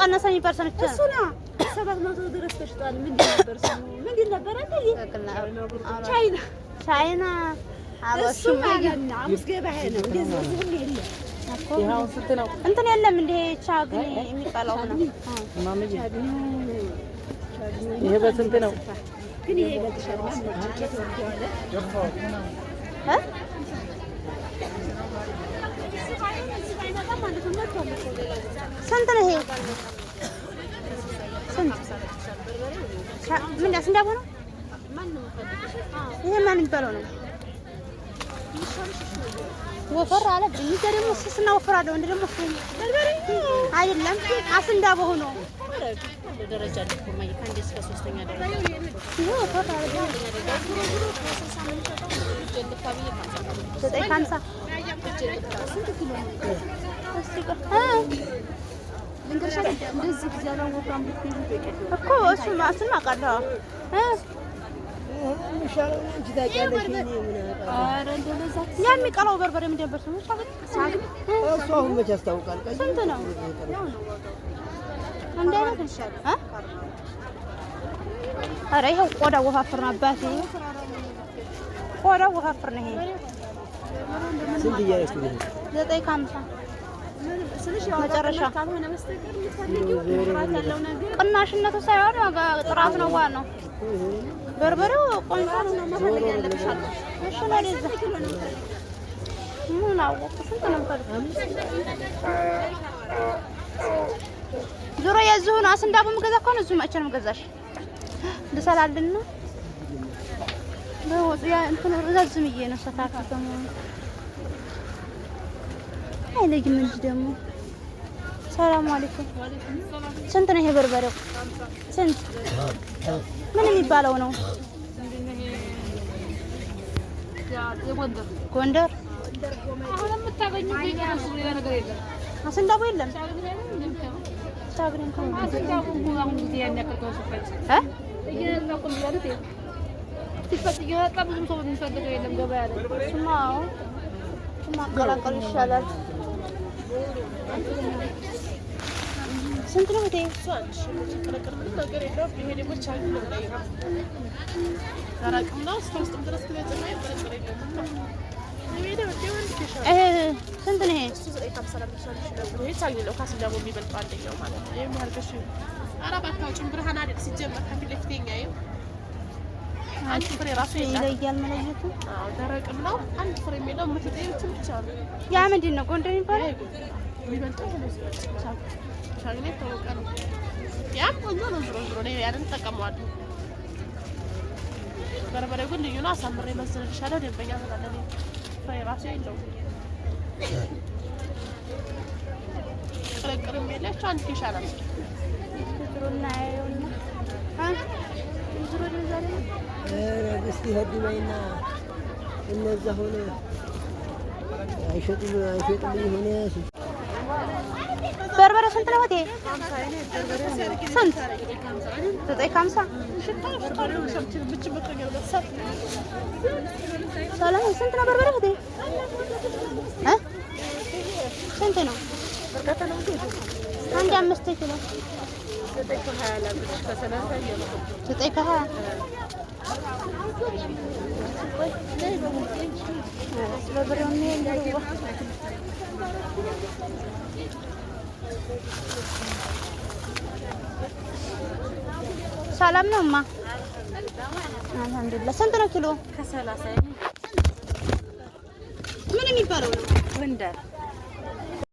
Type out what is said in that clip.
ቀነሰኝ የሚባል እሱ ነው። ሰባት መቶ ድረስ ተሽጧል። ምንድን ነበር ስሙ? ምንድን ነበር? ቻይና ቻይና እንደዚህ ሁሉ የለም እንትን የለም። እንደ ቻግኒ የሚባለው ነው። ይሄ በስንት ነው? ግን ይሄ ስንት ነው ይሄ? ምን ዳስ እንዳቦ ነው? ይሄ ማን የሚባለው ነው? ወፈር አለ ደግሞ ስስና ወፈር አለ ወንድ ደግሞ አይደለም አስንዳቦ ነው። ደረጃ ከአንድ እስከ ሶስተኛ ደረጃ በርበሬ ምን ደበር ስሙ እሱ አሁን መቼ ያስታውቃል? ስንት ነው? አንድ አይነት ኧረ ይኸው ቆዳ ወፋፍር ነው አባቴ፣ ቆዳ ወፋፍር ነው። ይሄ ስንት እያያችሁ ነው? ዘጠኝ ከሀምሳ መጨረሻ ቅናሽነቱ ሳይሆን ጥራት ነው ነው በርበሬው ቆንጆ ነው። ምን አወኩ። ስንት ነው ዙሮ የዚሁ ነው። አስንዳ በምገዛ ከሆነ እዚሁ መቼ ነው የምገዛሽ? ልሰላልን ነው በወጡ ያ እንትን ረዛዝምዬ ነው ሰፋፊ በመሆኑ አይለይም እንጂ ደግሞ። ሰላም አለይኩም። ስንት ነው ይሄ በርበሬው? ስንት ምን የሚባለው ነው? ጎንደር አሁን የምታገኙ አስንዳቡ የለም ማቀላቀሉ ይሻላል። ስንት ነው? ይሄ ስንት ነው ያ? ምንድን ነው ጎንደር የሚባለው? ያም ቆንጆ ነው። ዝሮ ዝሮ ነው ያንን እጠቀመዋለሁ። በርበሬው ግን ልዩ ነው። አሳምሬ መዝንልሻለሁ። ደንበኛ ስላለኝ ፍሬ ራሱ የለውም። ቅርቅርም የለች አንድ ይሻላል። እስቲ ህዱ ላይና እነዛ ሆነ አይሸጡም አይሸጡም የሆነ በርበሬ ስንት ነው? ስንት ዘጠኝ ከሀምሳ ሰላም ስንት ነው በርበሬ ስንት ነው? አንድ አምስት ኪሎ ዘጠኝ ከሀያ ሰላም ነው እማ፣ አልሀምዱሊላህ። ስንት ነው ኪሎ? የሚባለው ነው